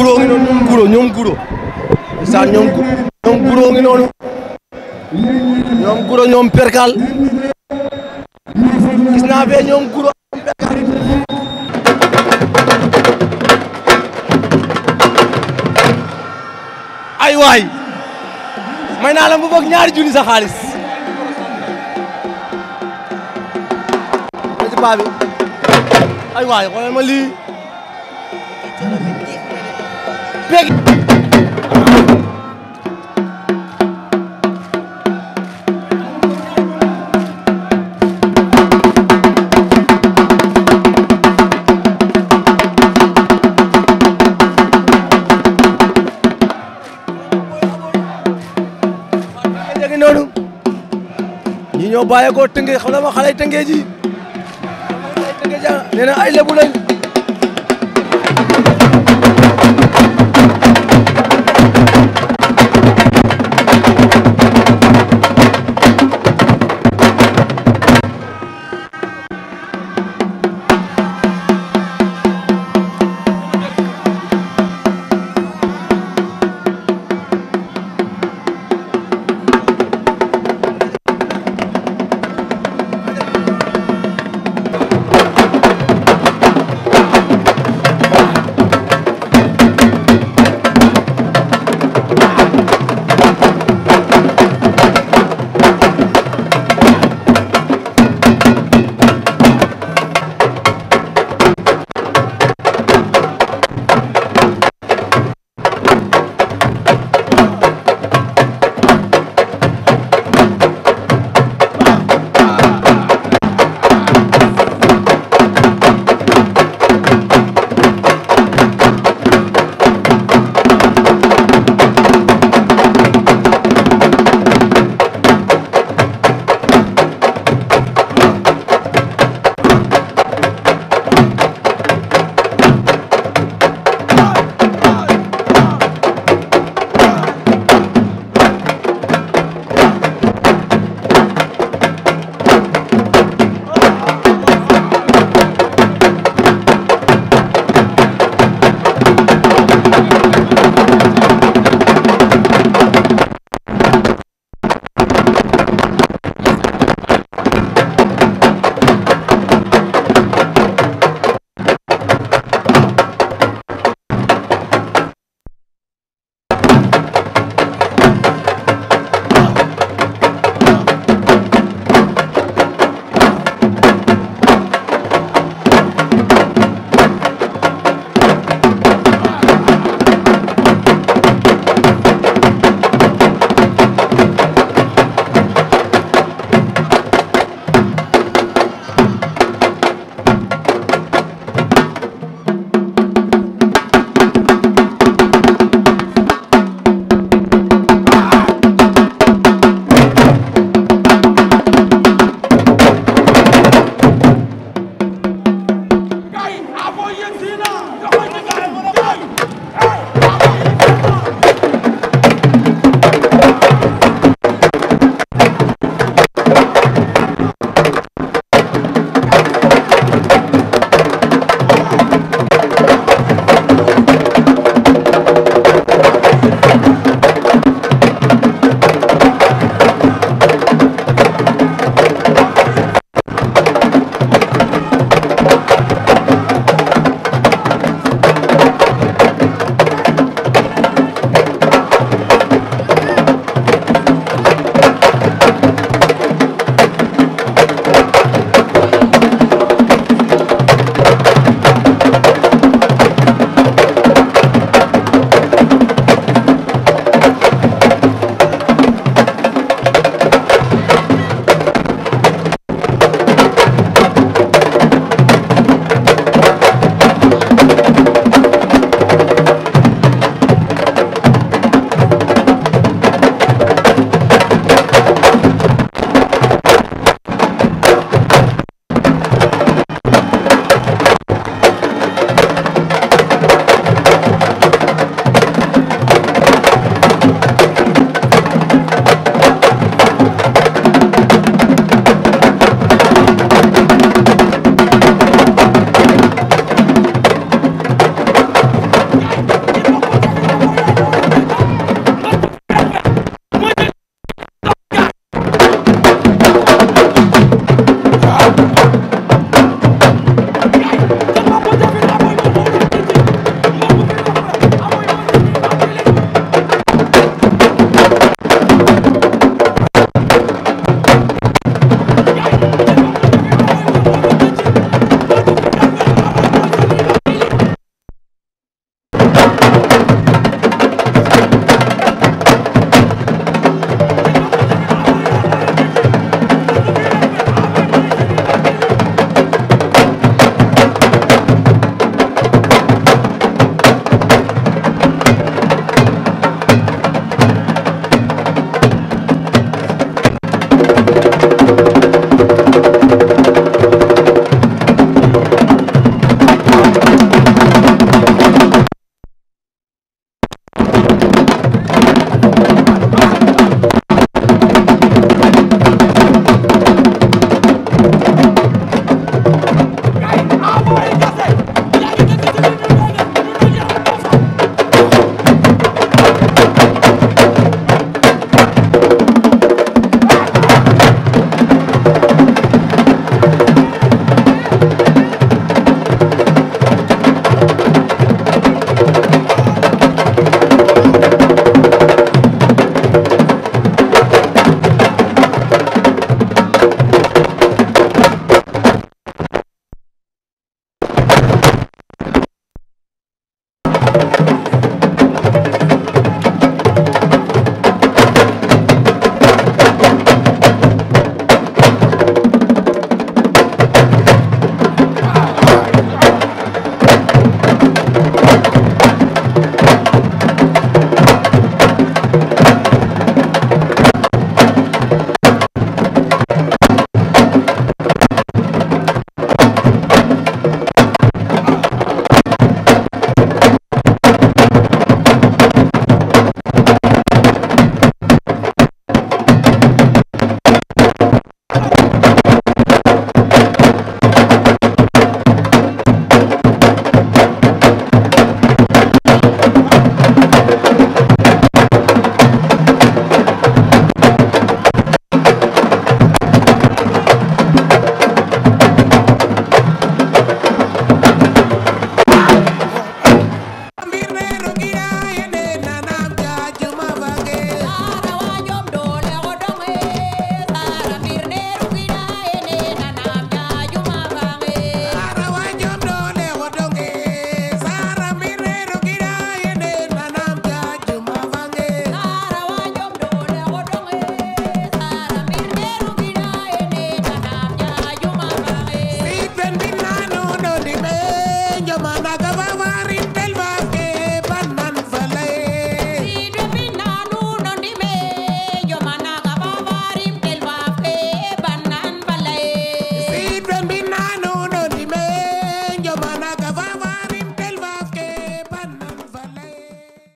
guro ngi noonu ñoom guro ñoom guro sa ñoom ngi noonu ñoom guro ñoom perkal gis naa fee ñoom guro ay waay may naa la bu bëgg ñaari junni sa xaalis ay waay xoolal ma lii ñoo bàyyeekoo tënkee xam nga ma xale yi tënkee ji nee na ay